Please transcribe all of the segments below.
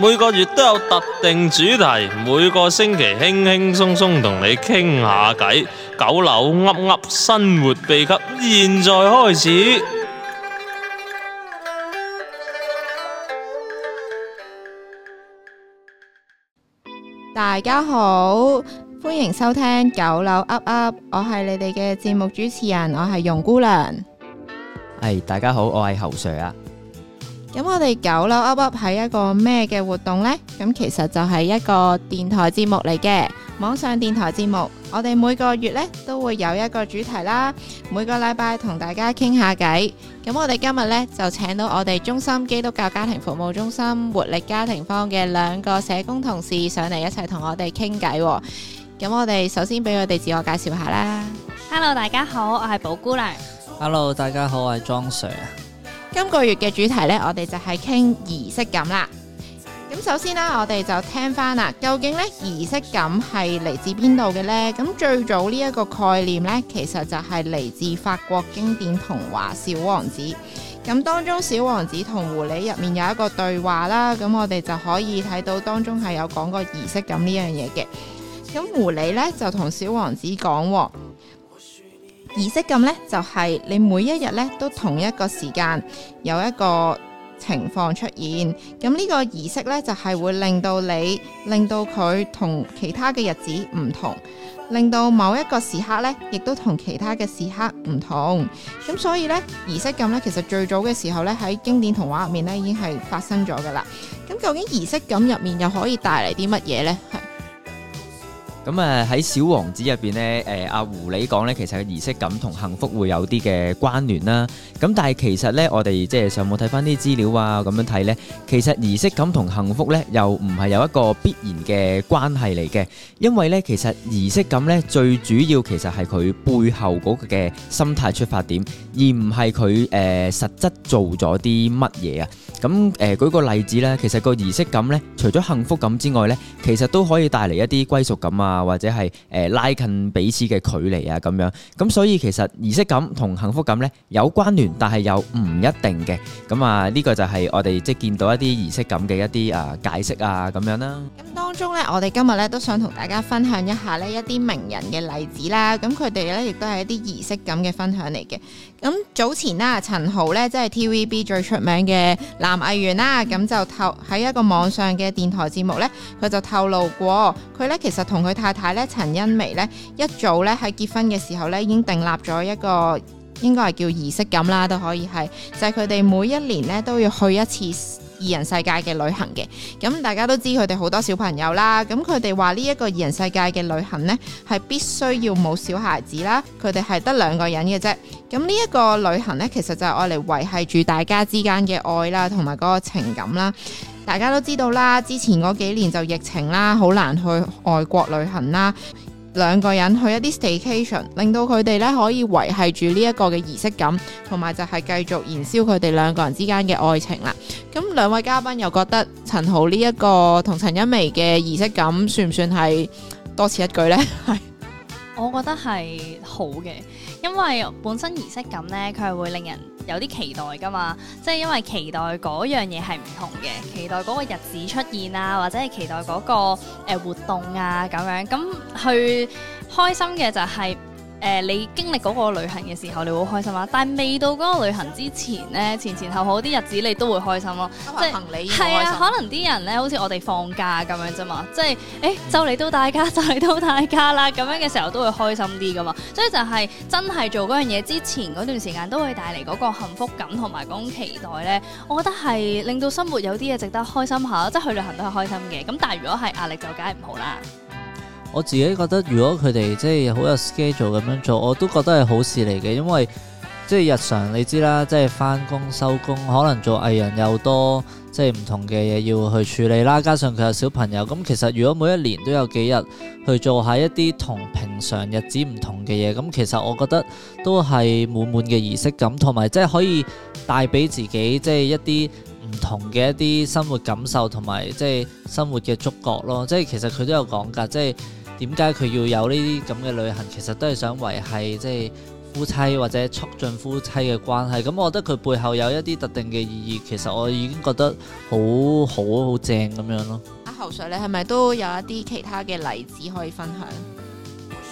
每個月都有特定主題，每個星期輕輕鬆鬆同你傾下偈。九樓噏噏生活秘笈，現在開始。大家好，歡迎收聽九樓噏噏，我係你哋嘅節目主持人，我係容姑娘。係大家好，我係侯 sir 啊。咁我哋九樓 up up 係一個咩嘅活動呢？咁其實就係一個電台節目嚟嘅，網上電台節目。我哋每個月呢都會有一個主題啦，每個禮拜同大家傾下偈。咁我哋今日呢就請到我哋中心基督教家庭服務中心活力家庭坊嘅兩個社工同事上嚟一齊同我哋傾偈。咁我哋首先俾佢哋自我介紹下啦。Hello，大家好，我係寶姑娘。Hello，大家好，我係莊 Sir 啊。今個月嘅主題呢，我哋就係傾儀式感啦。咁首先啦，我哋就聽翻，啦，究竟呢儀式感係嚟自邊度嘅呢？咁最早呢一個概念，呢，其實就係嚟自法國經典童話《小王子》。咁當中小王子同狐狸入面有一個對話啦，咁我哋就可以睇到當中係有講過儀式感呢樣嘢嘅。咁狐狸呢，就同小王子講。儀式感呢，就係你每一日呢都同一個時間有一個情況出現，咁呢個儀式呢，就係會令到你，令到佢同其他嘅日子唔同，令到某一個時刻呢，亦都同其他嘅時刻唔同，咁所以呢，儀式感呢，其實最早嘅時候呢，喺經典童話入面呢已經係發生咗㗎喇，咁究竟儀式感入面又可以帶嚟啲乜嘢呢？咁啊喺小王子入邊咧，誒阿狐狸講咧，其實儀式感同幸福會有啲嘅關聯啦。咁但係其實咧，我哋即係上網睇翻啲資料啊，咁樣睇咧，其實儀式感同幸福咧，又唔係有一個必然嘅關係嚟嘅。因為咧，其實儀式感咧，最主要其實係佢背後嗰個嘅心態出發點，而唔係佢誒實質做咗啲乜嘢啊。咁誒舉個例子啦，其實個儀式感咧，除咗幸福感之外咧，其實都可以帶嚟一啲歸屬感啊。啊，或者係誒、呃、拉近彼此嘅距離啊，咁樣咁，所以其實儀式感同幸福感呢有關聯，但係又唔一定嘅。咁啊，呢個就係我哋即係見到一啲儀式感嘅一啲啊解釋啊，咁樣啦。咁當中呢，我哋今日呢都想同大家分享一下呢一啲名人嘅例子啦。咁佢哋呢亦都係一啲儀式感嘅分享嚟嘅。咁早前啦、啊，陳豪呢即係 TVB 最出名嘅男藝員啦、啊，咁就透喺一個網上嘅電台節目呢，佢就透露過，佢呢其實同佢，太太咧，陳茵媺咧，一早咧喺結婚嘅時候咧，已經訂立咗一個應該係叫儀式感啦，都可以係，就係佢哋每一年咧都要去一次二人世界嘅旅行嘅。咁大家都知佢哋好多小朋友啦，咁佢哋話呢一個二人世界嘅旅行咧，係必須要冇小孩子啦，佢哋係得兩個人嘅啫。咁呢一個旅行咧，其實就係愛嚟維繫住大家之間嘅愛啦，同埋嗰個情感啦。大家都知道啦，之前嗰幾年就疫情啦，好難去外國旅行啦。兩個人去一啲 staycation，令到佢哋咧可以維繫住呢一個嘅儀式感，同埋就係繼續燃燒佢哋兩個人之間嘅愛情啦。咁兩位嘉賓又覺得陳豪呢一個同陳茵媺嘅儀式感算算，算唔算係多此一舉咧？係，我覺得係好嘅，因為本身儀式感咧，佢係會令人。有啲期待㗎嘛，即係因為期待嗰樣嘢係唔同嘅，期待嗰個日子出現啊，或者係期待嗰、嗰個、呃、活動啊咁樣，咁去開心嘅就係、係。誒、呃，你經歷嗰個旅行嘅時候，你好開心啊！但係未到嗰個旅行之前呢，前前後後啲日子你都會開心咯、啊。或是 即係行李要開心。係啊，可能啲人呢，好似我哋放假咁樣啫嘛。即係，誒、欸，就嚟到大家，就嚟到大家啦，咁樣嘅時候都會開心啲噶嘛。所以就係真係做嗰樣嘢之前嗰段時間，都會帶嚟嗰個幸福感同埋嗰種期待呢。我覺得係令到生活有啲嘢值得開心下，即係去旅行都係開心嘅。咁但係如果係壓力就梗係唔好啦。我自己覺得，如果佢哋即係好有 schedule 咁樣做，我都覺得係好事嚟嘅，因為即係日常你知啦，即係翻工收工，可能做藝人又多，即係唔同嘅嘢要去處理啦。加上佢有小朋友，咁其實如果每一年都有幾日去做一下一啲同平常日子唔同嘅嘢，咁其實我覺得都係滿滿嘅儀式感，同埋即係可以帶俾自己即係一啲唔同嘅一啲生活感受，同埋即係生活嘅觸覺咯。即係其實佢都有講㗎，即係。點解佢要有呢啲咁嘅旅行？其實都係想維係即係夫妻或者促進夫妻嘅關係。咁我覺得佢背後有一啲特定嘅意義，其實我已經覺得好好好正咁樣咯。阿侯 Sir，你係咪都有一啲其他嘅例子可以分享？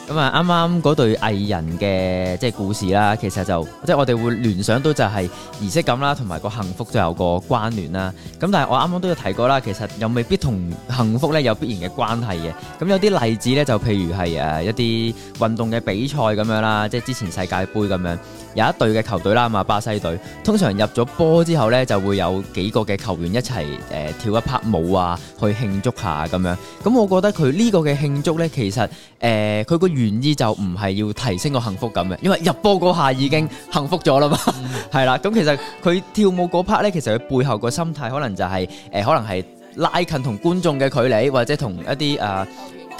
咁啊，啱啱嗰對藝人嘅即係故事啦，其實就即係我哋會聯想到就係儀式感啦，同埋個幸福就有個關聯啦。咁但係我啱啱都有提過啦，其實又未必同幸福咧有必然嘅關係嘅。咁有啲例子咧，就譬如係誒一啲運動嘅比賽咁樣啦，即係之前世界盃咁樣有一隊嘅球隊啦嘛，巴西隊。通常入咗波之後咧，就會有幾個嘅球員一齊誒、呃、跳一拍舞啊，去慶祝下咁樣。咁我覺得佢呢個嘅慶祝咧，其實誒佢個。呃原因就唔係要提升個幸福感嘅，因為入波嗰下已經幸福咗啦嘛，係啦。咁其實佢跳舞嗰 part 咧，其實佢背後個心態可能就係誒，可能係拉近同觀眾嘅距離，或者同一啲誒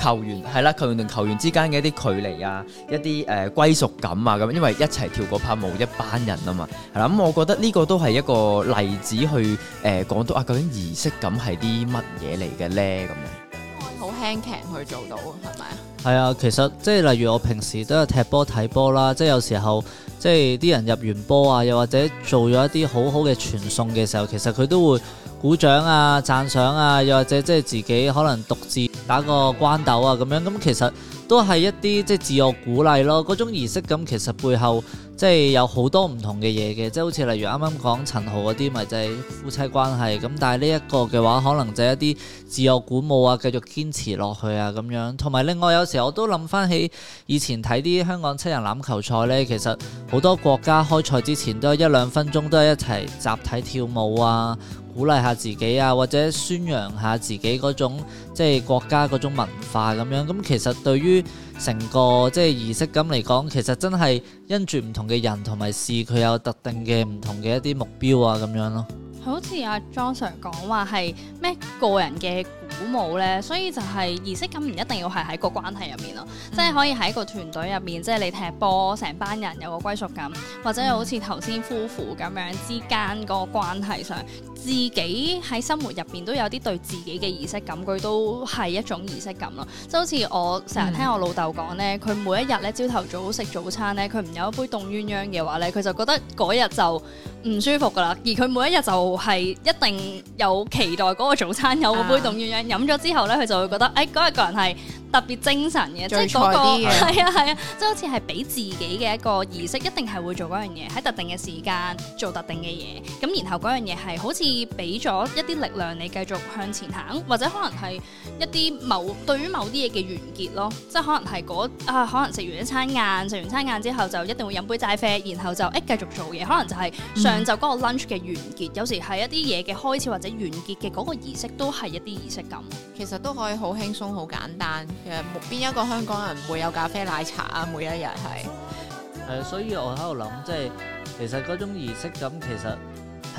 球員係啦，球員同球員之間嘅一啲距離啊，一啲誒歸屬感啊咁。因為一齊跳嗰 part 舞一班人啊嘛，係啦。咁我覺得呢個都係一個例子去誒講到啊，究竟儀式感係啲乜嘢嚟嘅咧？咁樣好輕騎去做到係咪？係啊，其實即係例如我平時都有踢波睇波啦，即係有時候即係啲人入完波啊，又或者做咗一啲好好嘅傳送嘅時候，其實佢都會鼓掌啊、讚賞啊，又或者即係自己可能獨自打個關鬥啊咁樣，咁其實都係一啲即係自我鼓勵咯，嗰種儀式感其實背後。即係有好多唔同嘅嘢嘅，即係好似例如啱啱講陳豪嗰啲，咪就係夫妻關係咁。但係呢一個嘅話，可能就係一啲自我鼓舞啊，繼續堅持落去啊咁樣。同埋另外有時我都諗翻起以前睇啲香港七人欖球賽呢，其實好多國家開賽之前都有一兩分鐘都一齊集體跳舞啊。鼓勵下自己啊，或者宣揚下自己嗰種即係國家嗰種文化咁樣。咁其實對於成個即係儀式感嚟講，其實真係因住唔同嘅人同埋事，佢有特定嘅唔同嘅一啲目標啊咁樣咯。好似阿 John Sir 講話係咩個人嘅鼓舞咧，所以就係儀式感唔一定要係喺個關係入面咯，嗯、即係可以喺個團隊入面，即、就、係、是、你踢波成班人有個歸屬感，或者好似頭先夫婦咁樣之間個關係上，嗯、自己喺生活入邊都有啲對自己嘅儀式感，佢都係一種儀式感咯。即好似我成日聽我老豆講咧，佢、嗯、每一日咧朝頭早食早餐咧，佢唔有一杯凍鴛鴦嘅話咧，佢就覺得嗰日就唔舒服噶啦。而佢每一日就係一定有期待嗰個早餐有個杯凍鴛鴦。飲咗之後咧，佢就會覺得，誒，嗰日個人係特別精神嘅，賽即係、那、嗰個係啊係啊，即係、啊啊啊啊啊、好似係俾自己嘅一個儀式，一定係會做嗰樣嘢，喺特定嘅時間做特定嘅嘢。咁然後嗰樣嘢係好似俾咗一啲力量，你繼續向前行，或者可能係一啲某對於某啲嘢嘅完結咯。即係可能係嗰啊，可能食完一餐晏，食完餐晏之後就一定會飲杯齋啡，然後就誒繼續做嘢。可能就係上晝嗰個 lunch 嘅完結，嗯、有時係一啲嘢嘅開始或者完結嘅嗰個儀式，都係一啲儀式感。其實都可以好輕鬆，好簡單。其實邊一個香港人唔會有咖啡奶茶啊，每一日係、嗯、所以我喺度諗，即係其實嗰種儀式感，其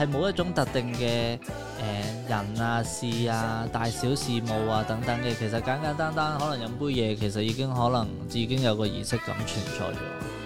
實係冇一種特定嘅誒、欸、人啊事啊式大小事務啊等等嘅，其實簡簡單單可能飲杯嘢，其實已經可能已經有個儀式感存在咗。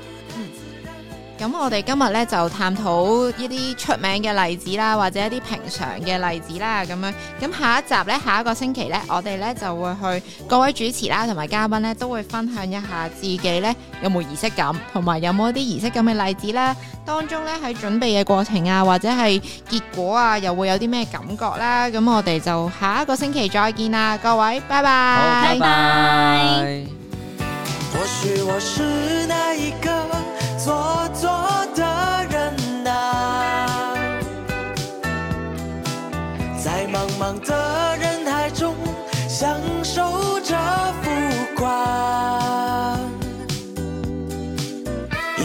咁我哋今日咧就探討一啲出名嘅例子啦，或者一啲平常嘅例子啦，咁樣。咁下一集咧，下一個星期咧，我哋咧就會去各位主持啦，同埋嘉賓咧都會分享一下自己咧有冇儀式感，同埋有冇一啲儀式感嘅例子啦。當中咧喺準備嘅過程啊，或者係結果啊，又會有啲咩感覺啦。咁我哋就下一個星期再見啦，各位，拜拜，拜拜。